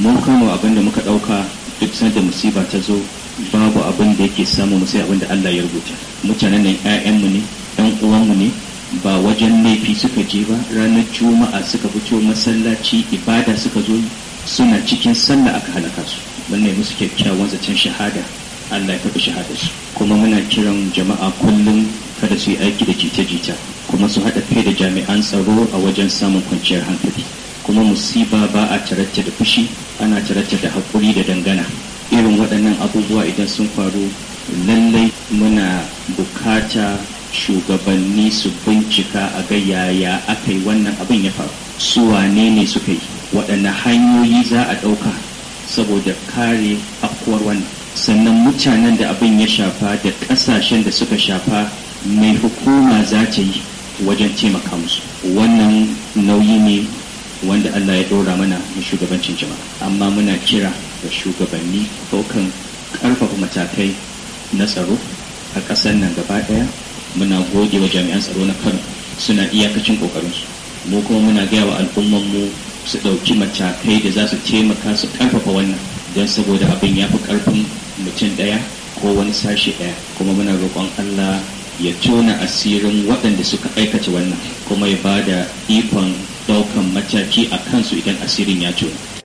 mun kama abin da muka ɗauka duk sanda musiba ta zo babu abin da yake samu mu abin da Allah ya rubuta mutanen nan ƴaƴanmu ne ɗan uwanmu ne ba wajen laifi suka je ba ranar juma'a suka fito masallaci ibada suka zo suna cikin sallah aka halaka su wannan musu kyakkyawan zaton shahada Allah ya karɓi shahada su kuma muna kiran jama'a kullum kada su yi aiki da jita-jita kuma su haɗa kai da jami'an tsaro a wajen samun kwanciyar hankali kuma musiba ba a taratta da fushi ana cire da haƙuri da dangana irin waɗannan abubuwa idan sun faru lallai muna bukata shugabanni su bincika a ga yaya aka yi wannan abin ya faru su wane ne suka yi waɗanne hanyoyi za a ɗauka saboda kare afkuwar wannan sannan mutanen da abin ya shafa da ƙasashen da suka shafa mai hukuma za ta yi wajen taimaka musu wannan nauyi ne wanda Allah ya ɗora mana na shugabancin jama'a amma muna kira da shugabanni kan ƙarfafa matakai na tsaro a ƙasar nan gaba ɗaya muna goge wa jami'an tsaro na kano suna iyakacin ƙoƙarinsu mu kuma muna gaya wa mu su ɗauki matakai da za su taimaka su karfafa wannan don saboda abin ya fi ƙarfin mutum ɗaya ko wani sashi ɗaya kuma muna roƙon Allah ya tona asirin waɗanda suka aikata wannan kuma ya ba da ikon atau kemacaci akan suikan asirinya cun.